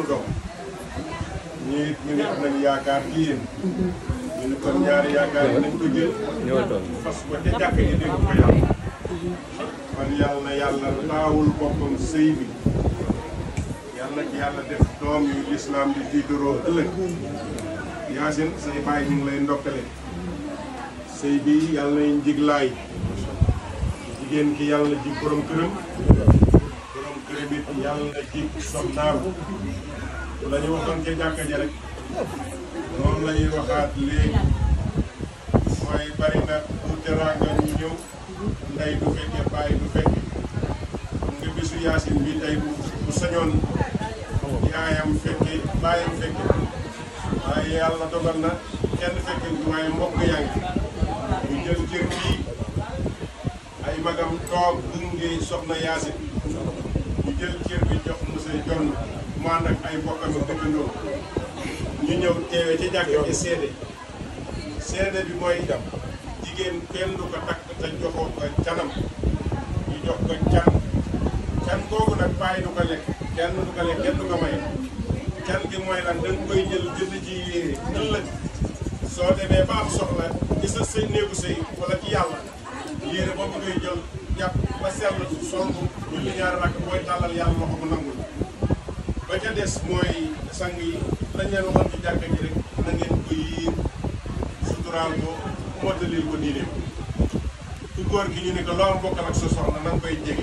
sunu doom ñu it ñu nañu yaakaar ci yéen. ñu ne kon ñaari yaakaar yi nañ ko jël. fas ko jàkk ji dégg ko yàlla. kon yàlla na yàlla taawul sëy bi. yàlla ci yàlla def doom yu lislaam di tiitaroo ëllëg. yaasin say baay ñu ngi lay ndokkale. sëy bi yàlla nañ jiglaay. jigéen ki yàlla ji borom këram. yàlla ji soxnaam. la ñu waxoon ca jàkka ja rek moom la ñuy waxaat léegi mooy bari na bu teraanga ñu ñëw ndey du fekkee bàyyi du fekkee nga bisu yaasin bi tey bu sañoon yaayam fekke bàyyam fekke waaye yàlla dogal na kenn fekke waaye mbokk yaa ñu jël cër bii ay magam toog gunge soxna yaasin ñu jël cër bi jox monsieur Dione mu ànd ak ay bokkam ak dëkkandoo ñu ñëw teewee ca jàkk ci seede seede bi mooy dem jigéen kenn du ko takk te joxoo ko canam ñu jox ko can can googu nag bàyyi du ko lekk kenn du ko lekk kenn du ko may can gi mooy lan danga koy jël jënd ci yéere soo demee ba am soxla ci sa sëy néegu sëy wala ci yàlla yéere boobu ngay jël jàpp ba sell songu julli ñaari rakk booy tàllal yàlla loxo mu nangul ba ca des mooy sang yi lañ leen waxoon ci jàkka ji rek na ngeen ko yiir suturaal ko mottalil ko diineem ku góor gi ñu ne ko loo bokkal ak sa soxna na nga koy jege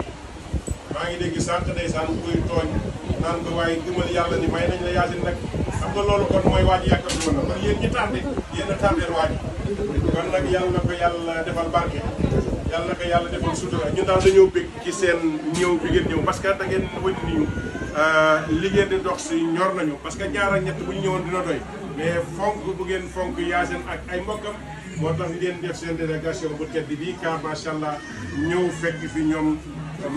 maa ngi dégg sànq ndeysaan kuy tooñ naan ko waaye gëmal yàlla ni may nañ la yaasin nag xam nga kon mooy waaj yàkkal ko yàlla na ko yàlla defal barke yàlla na ko defal sutura ñun daal dañoo bég ci seen ñëw bi ngeen ñëw parce que da Euh, li ngeen di dox si ñor nañu parce que ñaar ak ñett bu ñu ñëwoon dina doy mais fonk bu ngeen fonk yaasin ak ay mbokkam moo tax ngeen def seen délégation bu tedd bii car macha allah ñëw fekk fi ñoom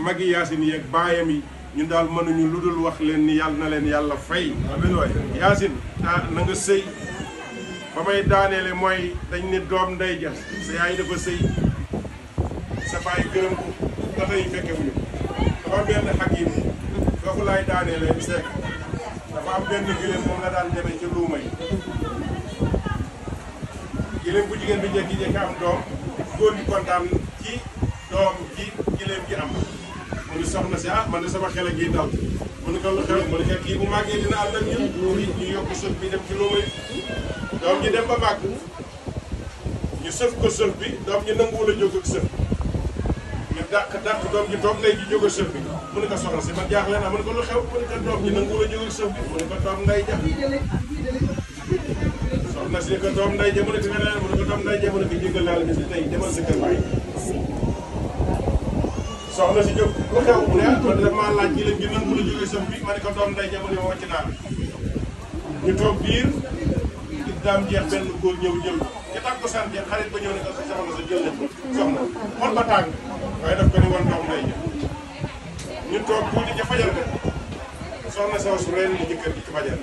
magi yaasin yeeg baayam yi ñun daal mënuñu lu dul wax leen ni yàlla na leen yàlla fay. amiin waay yaasin ah na nga sëy ba may daaneele mooy dañ ne doom nday ja sa yaay dafa sëy sa baay gërëm ko ba tey fekke wuñu dafa benn xakim foofu laay daaneele seek dafa am benn giléem moom la daan demee ci luuma yi giléem bu jigéen bi jékki-jékki am doom góor ñi kontaan ci doom ji gi am mu ni soxna si ah sama xel a ngi dal mu ni ko lu xew mu ni ko kii bu màggee dina ànd ak ñu ñu yokk suuf bi dem ci luuma yi doom ji dem ba màgg ñu sëf ko bi doom ji nanguwul a jóg ak sëf dàq dàq doom ji toog ndey ji jóg ak sëf bi mu ne ko soxla si man jaaxle naa ne ko lu xew mu ne doom ji la jóg ak bi mu ne ko doom nday ja soxna si ko doom nday ja mu nga doom nday ja mu ne ko lu xew ah, bi ñu toog biir daam jeex benn góor ñëw jël ko ca tàkkusaan jeex xarit ba ñëw ne ko sa soxna sa jël nañ ko soxna ba tàng waaye daf ko ni woon doom day ñu toog tuuti ca fajal ko soxna soosu ren di jëkkër ji ci fajal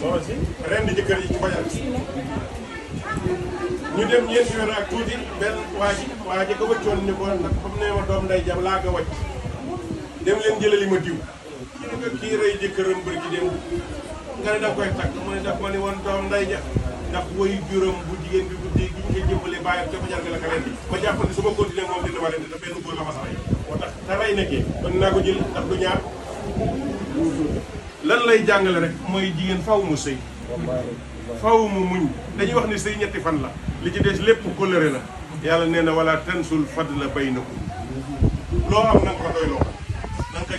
soxna si ren di jëkkër ji ci fajal ñu dem ñeenti weer ak tuuti benn waa ji waa ji ko wëccoon ni ko nag comme nee ma doom nday jam laa ko wàcc dem leen jëlali ma diw kii nga kii rey jëkkëram bër gi dem nga ne daf koy takk mu ne daf ma ni woon doom nday ja ndax woyu juróom bu jigéen bi bu koy jëmbalee bàyyam ca su ma continuer moom dina ma rendi te benn lay jàngale rek mooy jigéen faw mu sëy faw mu muñ dañuy wax ñetti fan la li ci des lépp coloré la yàlla nee na wala tansul fadla baynakum loo am na nga ay na nga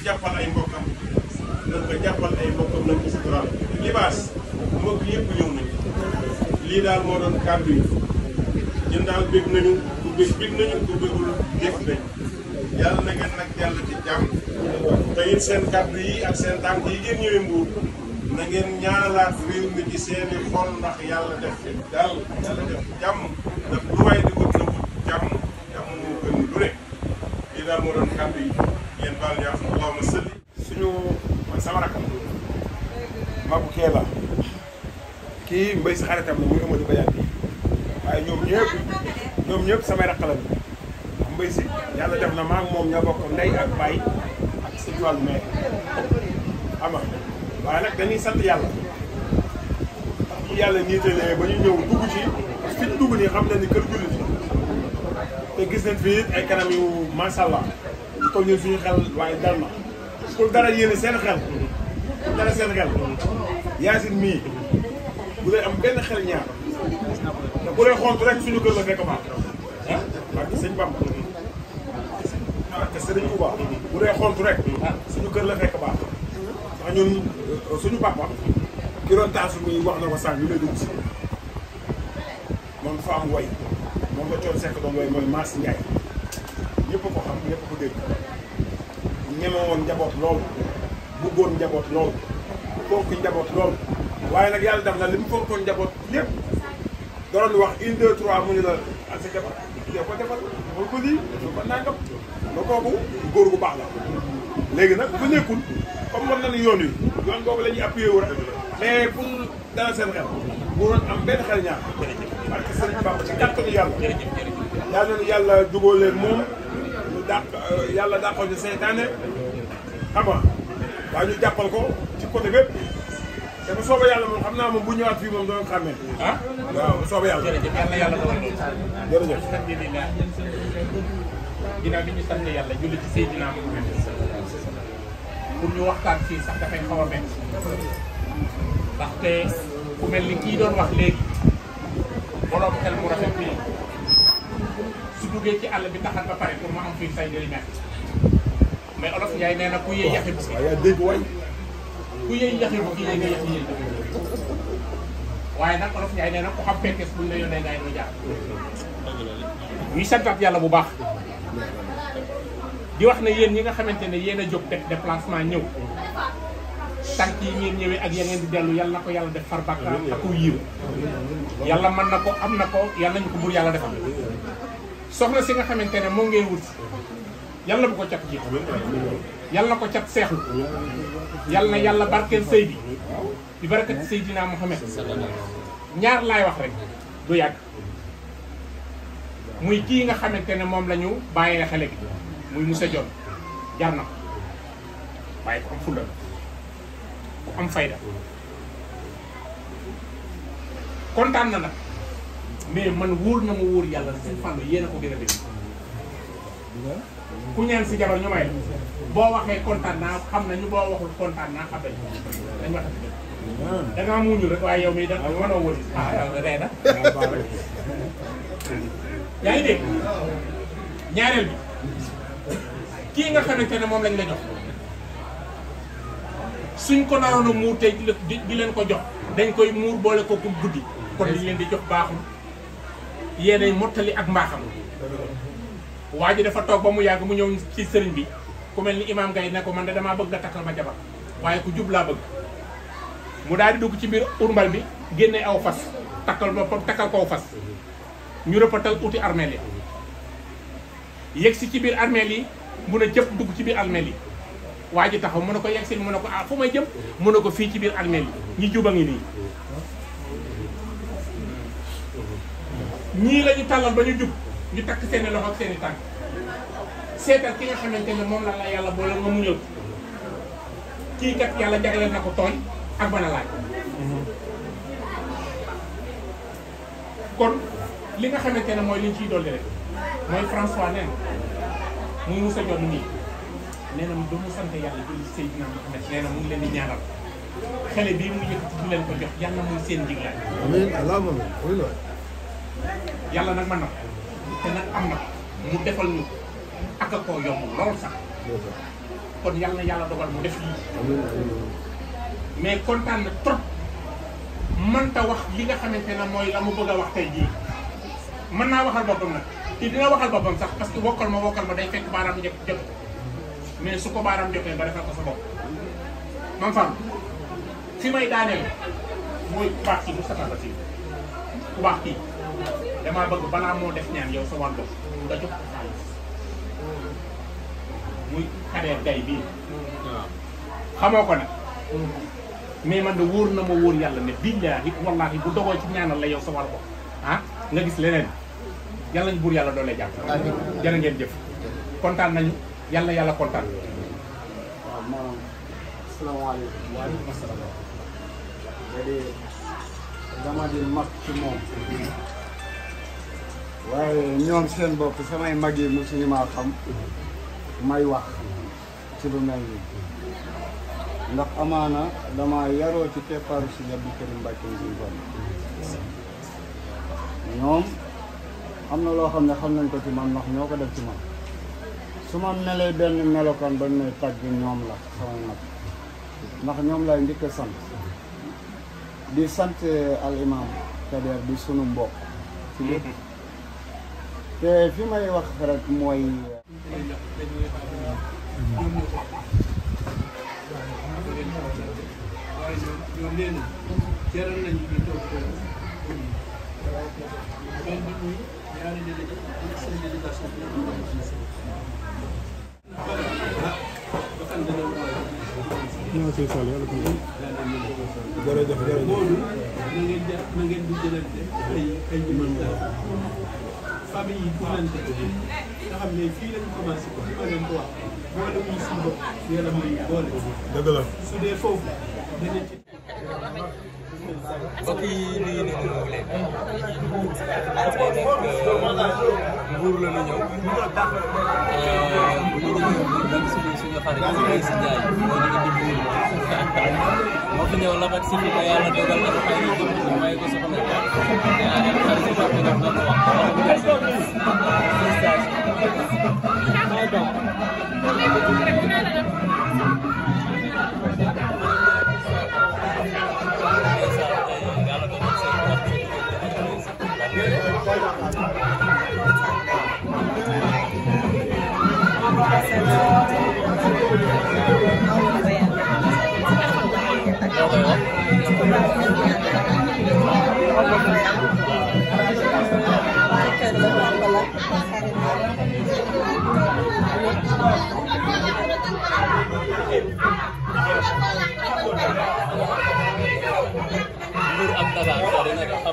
ko jàppal mbokk yëpp ñëw nañ lii daal moo doon kàddu yi ñun daal bég nañu ku bég nañu ku def nañ yàlla na nag yàlla ci jàmm te it seen kàddu yi ak seen tànk yi ngeen ñëwee mbuur na ngeen ñaanalaat réew ci seeni xol ndax yàlla def fi daal jàmm ndax lu waay di wut na wut jàmm jàmm lu ne lii daal moo doon kàddu yi ngeen baal ñu àq allahumma salli suñu man sama rakam Mabou Kella kii si xaritam la muy Amadou Bayane waaye ñoom ñëpp ñoom ñëpp samay raqalan am mbay si yàlla def na maa moom ña bokk ndey ak baay ak suñu wàllu mee ama waaye nag dañuy sant yàlla ndax bu yàlla niitalee ba ñu ñëw dugg ci fi ñu dugg nii xam na ni kër jullit te gis nañ fi ay kanam yu macha allah kon ñun suñu xel waaye dal na pour dara yéene seen xel dara seen xel yaasin mii bu dee am benn xel ñaar bu lay xont rek suñu kër la fekk baax ah barke sëñ Bamba bu dee xont ah, suñu kër la fekk baax ndax euh, suñu papa ki doon taasu muy wax na ko sànq ñu lay dugg si moom fa am way moom la coon sekk doon way mooy Maas Ndiaye ko xam ñëpp ko dégg ñeme woon njaboot lool bëggoon njaboot lool fonk njaboot lool waaye nag yàlla def na li mu fonkoon njaboot lépp nga doon wax une mu ne la ak sa jabar yow ko defal bul ko lii bul kooku góor gu baax la léegi nag bu nekkul comme war nañu yoon yi yoon boobu la ñuy appuyé wu rek mais pour dans seen xel bu doon am benn xel ñaar parce que sëriñ Bamba ci kàttanu yàlla yal nañu yàlla jubóo leen moom ñu dàq yàlla dàqoon ñu seytaane xam nga waaye ñu jàppal ko ci côté bépp te bu soobee yàlla moom xam naa moom bu ñëwaat fii moom doon xàmmee. ah waaw bu soobee yàlla. jërëjëf yàlla yàlla doon loolu. jërëjëf ñu yàlla julli ci Seydina ñu waxtaan fii sax dafay xaw a métti. ndaxte ku mel ni kii doon wax léegi. borom xel mu rafet bii. su duggee ci àll bi taxat ba pare pour mu am fii say njëriñ mais olof Ndiaye nee na ku yee yaxit. waaw yaa ku yëy ñax yi bu kii nga yëx yi waaye nag olof Ndiaye nee na ko xam fekkees buñ la yónnee gars yi nga jaar. ñuy santaat yàlla bu baax. di wax ne yéen ñi nga xamante ne yéen a jóg def déplacement ñëw. tànk yi ngeen ñëwee ak ya ngeen di dellu yàlla ko yàlla def far bàkkaar ak ku yiw yàlla mën na ko am na ko yàlla nañu ko bur yàlla defal soxna si nga xamante ne moom ngay wut. yàlla bu ko cat jiitu yàlla na ko cat seexlu yàlla na yàlla barkeel sëy bi bi barakat Seydina Mohamed ñaar laay wax rek du yàgg muy kii nga xamante ne moom la ñu bàyyee xale bi muy Moussa Dione jar na ko waaye ku am fulla ku am fayda kontaan na nag mais man wóor na ma wóor yàlla seen fànn yéen a ko gën a dégg ku ñaan si jabar ñu may la boo waxee kontaan naa xam nañu boo waxul kontaan naa xam nañu dañ wax rek waaye yow mii da mënoo wóor ah ree na yaa ngi dégg ñaareel bi kii nga xamante ne moom lañ la jox suñ ko naroon a muur tey di leen ko jox dañ koy muur boole ko guddi kon liñ leen di jox baaxul yéenay mottali ak mbaaxam waa ji dafa toog ba mu yàgg mu ñëw ci sëriñ bi ku mel ni imaam gay ne ko man de damaa bëgg nga takkal ma jabar waaye ku jub laa bëgg mu daal di dugg ci biir urmbal bi génne aw fas takkal boppam takkal kow fas ñu rëppatal uti armeel yi yegg si ci biir armeel yi mun a jëpp dugg ci biir armeel yi waa ji taxaw mu ne ko yegg si mu ne ko ah fu may jëm mu ne ko fii ci biir armeel yi ñi juba ngi nii ñii la tàllal ba ñu jub ñu takk seen i loxo ak seen i tànk seetal ki nga xamante ne moom la la yàlla boole nga mu ñëw kii kat yàlla jagleel na ko tooñ ak bana laaj. kon li nga xamante ne mooy liñ ciy dolli rek mooy François nee na muy Moussa Diop nii nee na mu doon sant yàlla julli ci Seydina Mohamed nee na mu ngi leen ñaanal. xale bii mu yëkkati di leen ko jox yàlla mooy seen jiglaay. yàlla nag mën na te nag am na mu defal ñu ak a koo yomb lool sax kon yal yàlla dogal mu def lii mais kontaan na trop mënta wax li nga xamante na mooy la mu bëgg a wax tey jii mën naa waxal boppam nag te dina waxal boppam sax parce que wokkal ma wokkal ma day fekk baaraam jot jot mais su ko baaraam jotee nga defal ko sa bopp man fam fi may daaneel mooy ku baax kii Moustapha Bassirou ku baax kii damaa bëgg balaa moo def ñaan yow sa wàllu nga ko xaalis muy xareer gay bii. xamoo ko nag. mais man de wóor na ma wóor yàlla ne billaahi wallaahi bu dogoo ci ñaanal la yow sa wàllu bopp ah nga gis leneen yàlla ñu buur yàlla doole jàpp. jërë ngeen jëf. kontaan nañu yàlla yàlla kontaan. waaw maanaam asalaamaaleykum. waaleykum salaam. dama di mag moom. waaye ñoom seen bopp samay mag yi mosuñu maa xam may wax ci lu mel nii ndax amaana dama yaroo ci keppaaru si Abdou Karim Mbàkke njiñ ñoom am na loo xam ne xam nañ ko ci man ndax ñoo ko def ci man su ma melee benn melokaan ba may tàgg ñoom la samay mag ndax ñoom lay njëkk a sant di sant al imam di sunu mbokk ci lépp te fi may wax rek mooy. ñoo siy soxla yàlla tuuti. jërëjëf jërëjëf. na ngeen ja na ngeen di jëlante ay ay famille yi tournante ko nga xam ne fii lañ commencé ko li ma leen ko wax boole muy suñu bopp yaram muy boole. dëgg la su dee foofu danañ ci. mbokk yi nii nii ñu ngi leen. tey nag Mbour la ñu ñëw. bu euh, ñu ñëw suñu suñu xarit si Mbaye si Ndiaye moo nekk di Mbour. moo fi ñëw la ak si bi ba yàlla dogal na ko fay ñu jëm may ko soxna Ndiaye. xarit si Pape Ndiaye wax Gracias.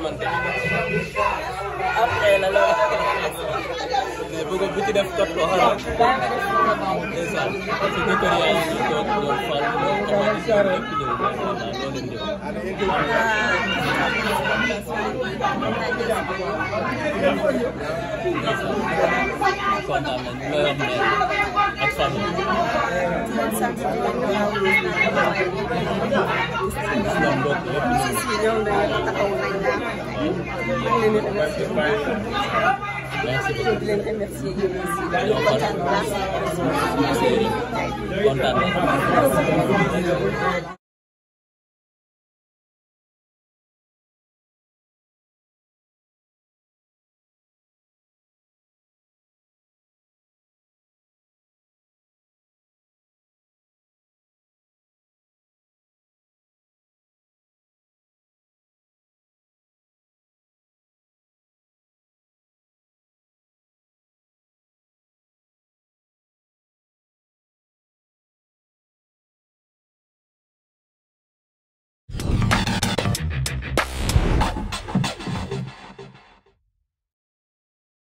xamante après la loolu mais bëgg bu ci def topp ko xalaat ndeysaan parce que kër yaa ngi toog doon fal doon xamante ni ñëw loo leen jëf kontaan nañ ñu lay wax ne ak famille kontaan